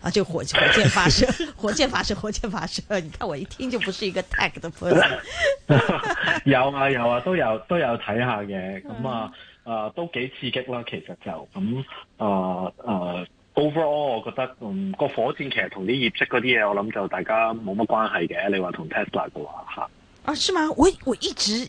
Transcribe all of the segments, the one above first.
啊！就火，火箭發射， 火箭發射，火箭發射，你看我一聽就不是一個 tech 的 person，有啊有啊，都有都有睇下嘅，咁、嗯、啊，啊都幾刺激啦，其實就咁、嗯、啊誒、呃、overall 我覺得嗯個火箭其實同啲業績嗰啲嘢，我諗就大家冇乜關係嘅。你話同 Tesla 嘅話吓啊？是嗎？我我一直。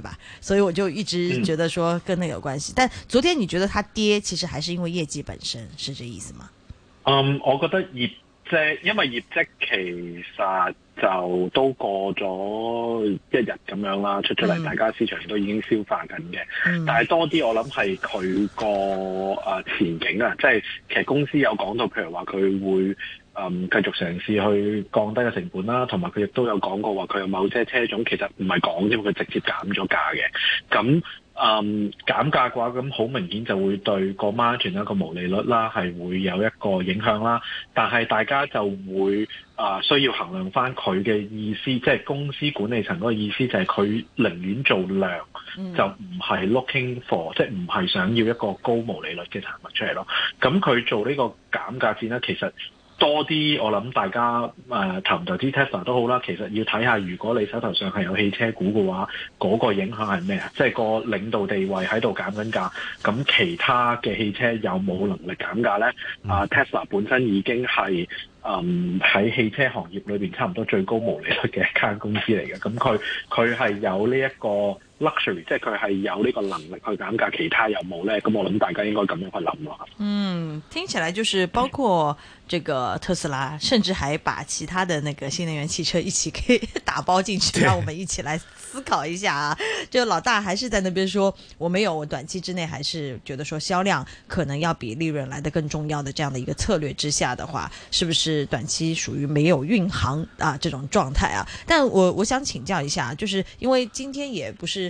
對吧？所以我就一直覺得說跟那有關係。嗯、但昨天你覺得它跌，其實還是因為業績本身，是這意思嗎？嗯，我覺得業績，因為業績其實就都過咗一日咁樣啦，出出嚟，大家市場都已經消化緊嘅。嗯、但係多啲，我諗係佢個誒前景啊，即係其實公司有講到，譬如話佢會。嗯，繼續嘗試去降低嘅成本啦，同埋佢亦都有講過話，佢有某些車種其實唔係講，因為佢直接減咗價嘅。咁嗯，減價嘅話，咁好明顯就會對個 Margin 一個毛利率啦，係會有一個影響啦。但係大家就會啊、呃，需要衡量翻佢嘅意思，即、就、係、是、公司管理層嗰個意思，就係佢寧願做量，嗯、就唔係 looking for，即係唔係想要一個高毛利率嘅產品出嚟咯。咁佢做呢個減價戰呢，其實。多啲，我諗大家誒、呃、投唔投資 Tesla 都好啦。其實要睇下，如果你手頭上係有汽車股嘅話，嗰、那個影響係咩啊？即、就、係、是、個領導地位喺度減緊價，咁其他嘅汽車有冇能力減價咧？啊、呃、Tesla、嗯、本身已經係嗯喺汽車行業裏邊差唔多最高毛利率嘅一間公司嚟嘅。咁佢佢係有呢、這、一個。luxury 即係佢係有呢個能力去減價，其他有冇呢？咁我諗大家應該咁樣去諗咯。嗯，聽起來就是包括這個特斯拉，嗯、甚至還把其他的那個新能源汽車一起給打包進去，嗯、讓我們一起來思考一下啊。 就老大還是在那邊說，我沒有，我短期之內還是覺得說銷量可能要比利潤來得更重要的這樣的一個策略之下的話，是不是短期屬於沒有運行啊這種狀態啊？但我我想請教一下，就是因為今天也不是。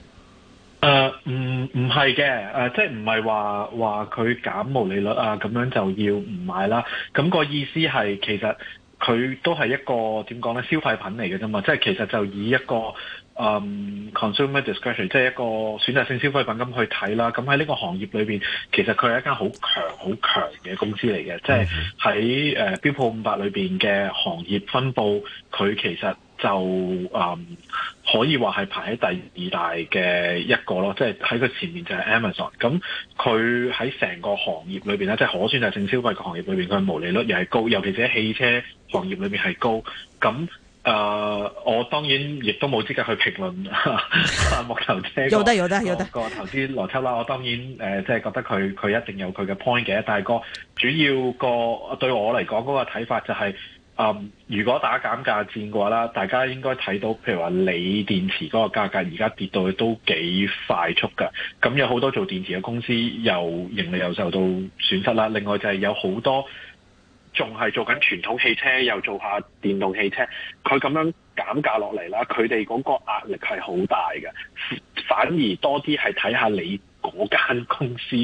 誒唔，唔係嘅，即係唔係話話佢減毛利率啊，咁樣就要唔買啦。咁個意思係其實佢都係一個點講咧，消費品嚟嘅啫嘛。即係其實就以一個誒、嗯、consumer discretion，即係一個選擇性消費品咁去睇啦。咁喺呢個行業裏面，其實佢係一間好強、好強嘅公司嚟嘅。即係喺誒標普五百裏面嘅行業分佈，佢其實，就誒、嗯、可以話係排喺第二大嘅一個咯，即係喺佢前面就係 Amazon。咁佢喺成個行業裏面，咧，即係可選擇性消費個行業裏面，佢毛利率又係高，尤其是喺汽車行業裏面係高。咁誒、呃，我當然亦都冇資格去評論 木頭車個投資邏輯啦。我當然、呃、即係覺得佢佢一定有佢嘅 point 嘅，但係個主要個對我嚟講嗰個睇法就係、是。啊！Um, 如果打減價戰嘅話啦，大家應該睇到，譬如話鋰電池嗰個價格而家跌到都幾快速㗎。咁有好多做電池嘅公司又盈利又受到損失啦。另外就係有好多仲係做緊傳統汽車，又做下電動汽車，佢咁樣減價落嚟啦，佢哋嗰個壓力係好大嘅，反而多啲係睇下你嗰間公司。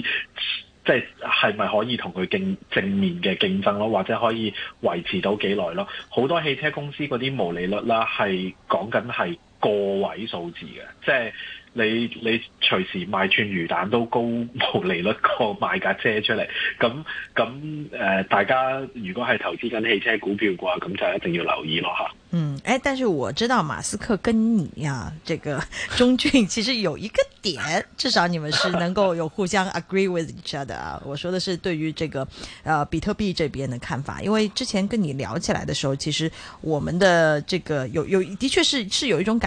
即係係咪可以同佢競正面嘅競爭咯，或者可以維持到幾耐咯？好多汽車公司嗰啲毛利率啦，係講緊係個位數字嘅，即係你你隨時賣串魚蛋都高毛利率過賣架車出嚟，咁咁誒，大家如果係投資緊汽車股票嘅話，咁就一定要留意咯吓。嗯，誒、哎，但是我知道馬斯克跟你啊，這個鍾駿其實有一個點， 至少你們是能夠有互相 agree with each other 啊。 我說的是對於這個、呃、比特幣這邊的看法，因為之前跟你聊起來的時候，其實我們的這個有有，的確是是有一種感。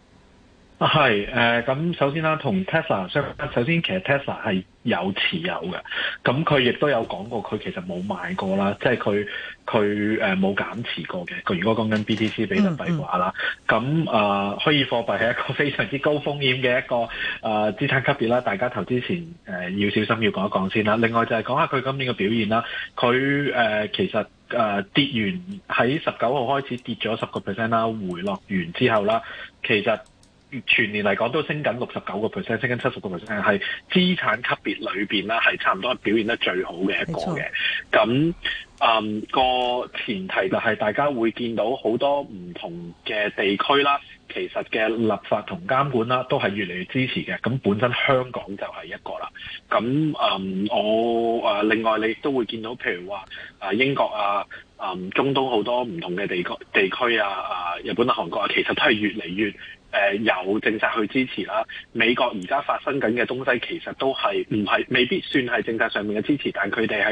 啊，係，咁、呃、首先啦，同 Tesla 相關，首先其實 Tesla 係有持有嘅，咁佢亦都有講過，過，佢其實冇買過啦，即係佢佢冇減持過嘅。佢如果講緊 BTC 比特幣嘅話啦，咁啊虛擬貨幣係一個非常之高風險嘅一個誒資產級別啦，大家投資前誒、呃、要小心，要講一講先啦。另外就係講下佢今年嘅表現啦，佢、呃、其實誒、呃、跌完喺十九號開始跌咗十個 percent 啦，回落完之後啦，其實。全年嚟講都升緊六十九個 percent，升緊七十個 percent，係資產級別裏邊啦，係差唔多表現得最好嘅一個嘅。咁誒個前提就係大家會見到好多唔同嘅地區啦，其實嘅立法同監管啦，都係越嚟越支持嘅。咁本身香港就係一個啦。咁誒、嗯、我誒另外你都會見到，譬如話啊英國啊，誒、嗯、中東好多唔同嘅地區地區啊，啊日本啊、韓國啊，其實都係越嚟越。誒有、呃、政策去支持啦，美國而家發生緊嘅東西其實都係唔係未必算係政策上面嘅支持，但佢哋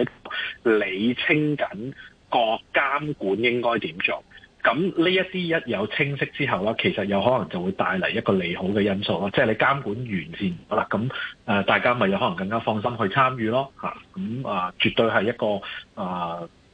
喺理清緊個監管應該點做，咁呢一啲一有清晰之後啦，其實有可能就會帶嚟一個利好嘅因素咯，即係你監管完善咁，好啦大家咪有可能更加放心去參與咯，咁啊，啊絕對係一個啊。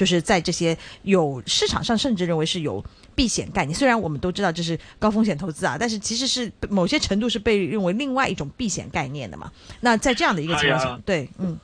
就是在這些有市場上甚至認為是有避險概念，雖然我們都知道這是高風險投資啊，但是其實是某些程度是被認為另外一種避險概念的嘛。那在這樣的一個情況下，啊、對，嗯，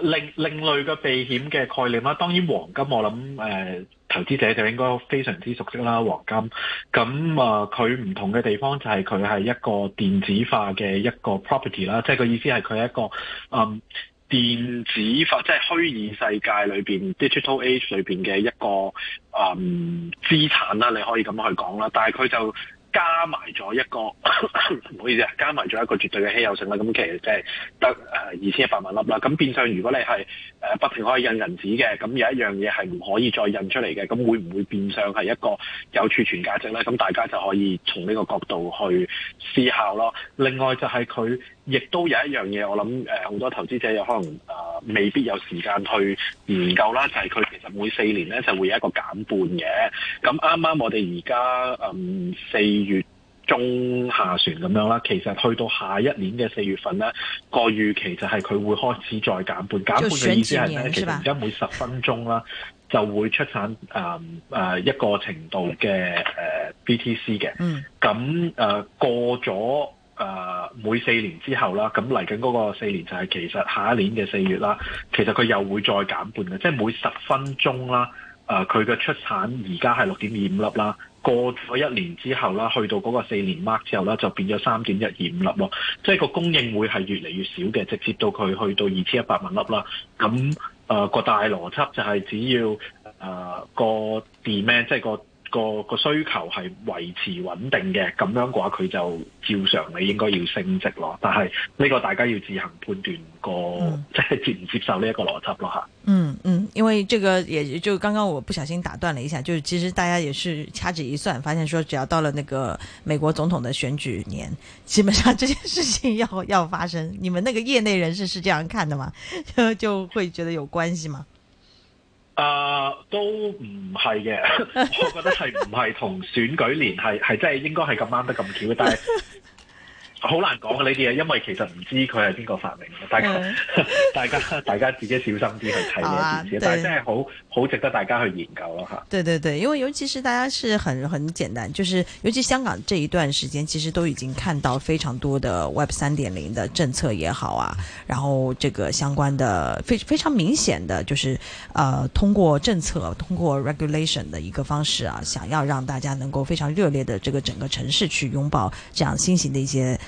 另另類嘅避險嘅概念啦，當然黃金我諗誒、呃、投資者就應該非常之熟悉啦，黃金咁啊佢唔同嘅地方就係佢係一個電子化嘅一個 property 啦，即係個意思係佢係一個嗯。電子化即係虛擬世界裏邊 digital age 裏邊嘅一個啊，嗯，資產啦，你可以咁樣去講啦，但係佢就。加埋咗一個唔好意思啊，加埋咗一個絕對嘅稀有性啦，咁其實即係得誒二千一百萬粒啦。咁變相如果你係誒不停可以印銀紙嘅，咁有一樣嘢係唔可以再印出嚟嘅，咁會唔會變相係一個有儲存價值咧？咁大家就可以從呢個角度去思考咯。另外就係佢亦都有一樣嘢，我諗誒好多投資者有可能。未必有時間去研究啦，就係、是、佢其實每四年咧就會有一個減半嘅。咁啱啱我哋而家嗯四月中下旬咁樣啦，其實去到下一年嘅四月份咧，個預期就係佢會開始再減半。減半嘅意思係咧，其實而家每十分鐘啦就會出產誒、嗯、吧一個程度嘅 BTC 嘅。嗯。咁、呃、誒過咗。誒、呃、每四年之後啦，咁嚟緊嗰個四年就係其實下一年嘅四月啦。其實佢又會再減半嘅，即係每十分鐘啦。誒佢嘅出產而家係六點二五粒啦，過咗一年之後啦，去到嗰個四年 mark 之後咧，就變咗三點一二五粒喎。即係個供應會係越嚟越少嘅，直接到佢去到二千一百萬粒啦。咁誒、呃個大邏輯就係只要誒、呃 dem 個 demand 即係個。個個需求係維持穩定嘅，咁樣嘅話，佢就照常你應該要升值咯。但係呢個大家要自行判斷個，即係、嗯、 接唔接受呢一個邏輯咯吓。嗯嗯，因為這個也就剛剛我不小心打斷了一下，就其實大家也是掐指一算，發現說只要到了那個美國總統的選舉年，基本上這件事情要要發生。你們那個業內人士是這樣看的嗎？就 就會覺得有關係嗎？啊，uh, 都唔係嘅， 我覺得係唔係同選舉聯繫，係真係應該係咁啱得咁巧，但係。好 難講啊，呢啲嘢，因為其實唔知佢係邊個發明嘅，大家 大家大家自己小心啲去睇呢件事，啊、但係真係好好值得大家去研究咯、啊、嚇。對對對，因為尤其是大家是很很簡單，就是尤其香港這一段時間，其實都已經看到非常多的 Web 三點零的政策也好啊，然後這個相關的非非常明顯的，就是呃通過政策、通過 regulation 的一個方式啊，想要讓大家能夠非常熱烈的這個整個城市去擁抱這樣新型的一些。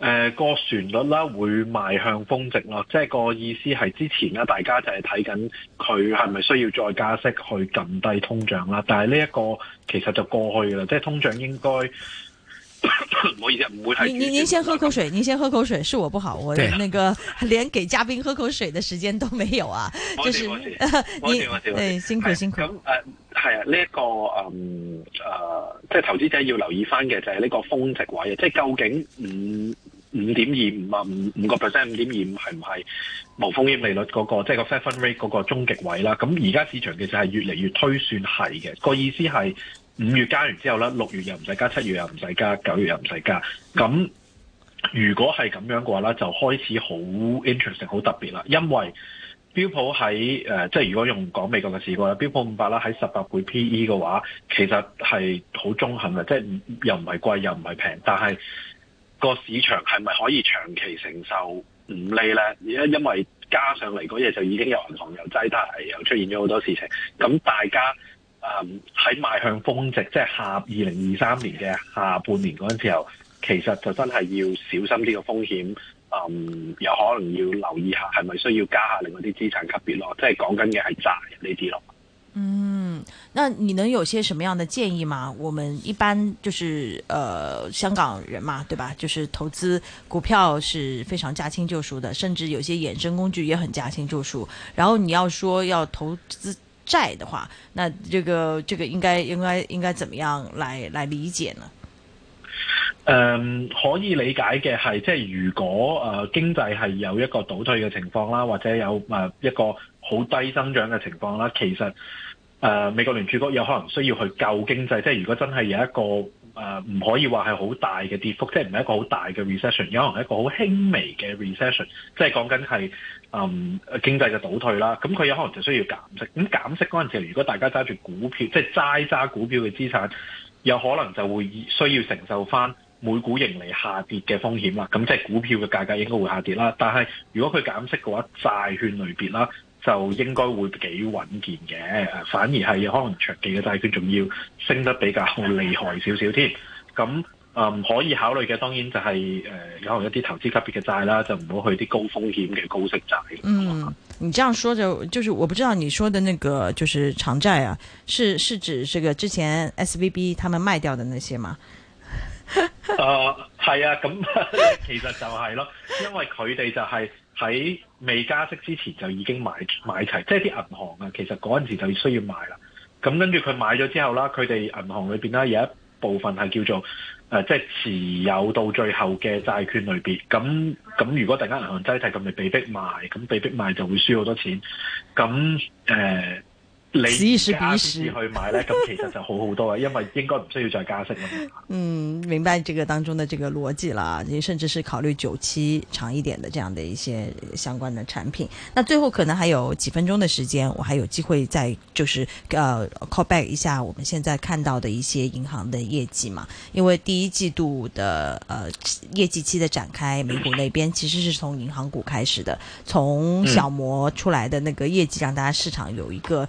誒，個旋律啦會邁向峰值咯，即係個意思係之前咧、啊，大家就係睇緊佢係咪需要再加息去撳低通脹啦。但係呢一個其實就過去噶啦，即係通脹應該唔 好意思，唔會睇您您，先喝口水，您 先喝口水，是我不好，我那個連給嘉賓喝口水的時間都沒有啊。冇事冇事，冇事冇事，誒、哎，辛苦辛苦。咁誒是，係苦啊，呢一、啊啊啊這個嗯誒、啊，即係投資者要留意翻，嘅就係呢個峰值位，即係究竟唔？嗯五點二五啊，五五個 percent，五點二五係唔係無風險利率嗰、那個，即、就、係、是、個 Fed fund rate 嗰個終極位啦？咁而家市場其實係越嚟越推算係嘅，那個意思係五月加完之後咧，六月又唔使加，七月又唔使加，九月又唔使加。咁如果係咁樣嘅話咧，就開始好 interesting、好特別啦。因為標普喺誒、呃，即係如果用講美國嘅事話咧，標普五百啦，喺十八倍 PE 嘅話，其實係好中肯嘅，即係又唔係貴又唔係平，但係，個市場係咪可以長期承受五釐呢？而家因為加上嚟嗰嘢就已經有銀行又擠提，又出現咗好多事情。咁大家誒喺邁向峰值，即係下二零二三年嘅下半年嗰陣時候，其實就真係要小心呢個風險。誒、嗯、又可能要留意下，係咪需要加下另外啲資產級別咯？即係講緊嘅係債呢啲咯。嗯，那你能有些什麼樣的建議嗎？我們一般就是，呃，香港人嘛，對吧？就是投資股票是非常駕輕就熟的，甚至有些衍生工具也很駕輕就熟。然後你要說要投資債的話，那這個這個應該應該應該怎麼樣來來理解呢？嗯，可以理解嘅係，即係如果誒、呃、經濟係有一個倒退嘅情況啦，或者有誒、呃、一個。好低增長嘅情況啦，其實誒、呃、美國聯儲局有可能需要去救經濟，即係如果真係有一個誒唔、呃、可以話係好大嘅跌幅，即係唔係一個好大嘅 recession，有可能係一個好輕微嘅 recession，即係講緊係誒經濟嘅倒退啦。咁佢有可能就需要減息。咁減息嗰陣時，如果大家揸住股票，即係齋揸股票嘅資產，有可能就會需要承受返每股盈利下跌嘅風險啦。咁即係股票嘅價格應該會下跌啦。但係如果佢減息嘅話，債券類別啦，就應該會幾穩健嘅，反而係可能長期嘅債券仲要升得比較厲害少少添。咁，嗯，可以考慮嘅當然就係、是，誒、呃，有可能一啲投資級別嘅債啦，就唔好去啲高風險嘅高息債。嗯，你這樣說就，就是我不知道你說的那個就是長債啊，是是指這個之前 SVB 他們賣掉的那些嗎？誒、 呃，係啊，咁、嗯、其實就係咯，因為佢哋就係、是。喺未加息之前就已經買買齊，即係啲銀行啊，其實嗰陣時就需要買啦。咁跟住佢買咗之後啦，佢哋銀行裏邊啦有一部分係叫做誒，即、呃、係、就是、持有到最後嘅債券裏邊。咁咁如果突然間銀行擠提，咁咪被逼賣，咁被逼賣就會輸好多錢。咁誒。呃你加息去買呢，咁其實就好好多嘅， 因為應該唔需要再加息了嘛。嗯，明白這個當中的這個邏輯啦。你甚至是考慮久期長一點的這樣的一些相關的產品。那最後可能還有幾分鐘的時間，我還有機會再就是呃 call back 一下我們現在看到的一些銀行的業績嘛。因為第一季度的呃業績期的展開，美股那邊其實是從銀行股開始的，從小摩出來的那個業績，讓大家市場有一個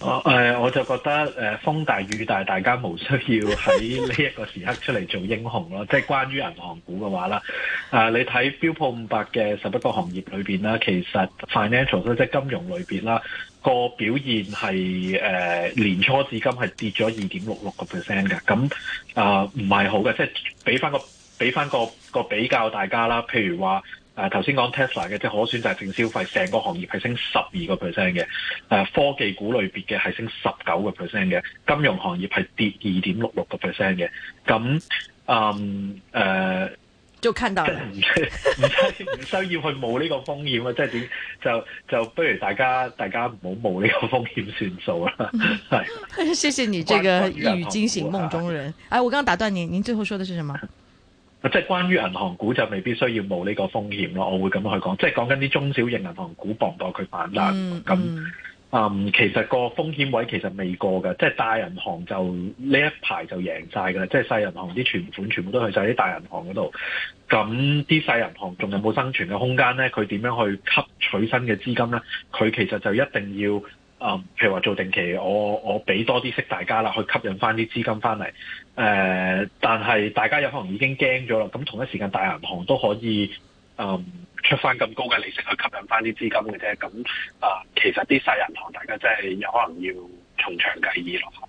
我誒、哦呃、我就覺得誒、呃、風大雨大，大家無需要喺呢一個時刻出嚟做英雄咯。 即係關於銀行股嘅話啦，誒、呃、你睇標普五百嘅十一個行業裏邊啦，其實 financial 即係金融裏邊啦，個表現係誒、呃、年初至今係跌咗二點六六個 percent 嘅。咁，誒唔係好嘅，即係畀翻個畀翻個個比較大家啦。譬如話。啊！頭先講 Tesla 嘅即係可選擇性消費，成個行業係升十二個 percent 嘅。誒、啊、科技股類別嘅係升十九個 percent 嘅。金融行業係跌二點六六個 percent 嘅。咁誒、嗯呃、就看到唔 需，需要去冒呢個風險啊！即係點就是、就，就不如大家大家唔好冒呢個風險算數啦。係 是，謝謝你這個一語驚醒夢中人。哎、啊啊啊，我剛剛打斷你，您最後說的是什麼？即係關於銀行股就未必需要冇呢個風險咯，我會咁樣去講，即係講緊啲中小型銀行股磅多佢反彈。咁、嗯嗯、其實個風險位其實未過嘅，即係大銀行就呢一排就贏晒㗎啦。即係細銀行啲存款全部都去晒啲大銀行嗰度，咁啲細銀行仲有冇生存嘅空間咧？佢點樣去吸取新嘅資金咧？佢其實就一定要。啊、嗯，譬如話做定期，我我俾多啲息大家啦，去吸引翻啲資金翻嚟。誒、呃，但係大家有可能已經驚咗啦。咁同一時間，大銀行都可以誒、嗯、出翻咁高嘅利息去吸引翻啲資金嘅啫。咁啊、呃，其實啲細銀行，大家真係有可能要從長計議咯。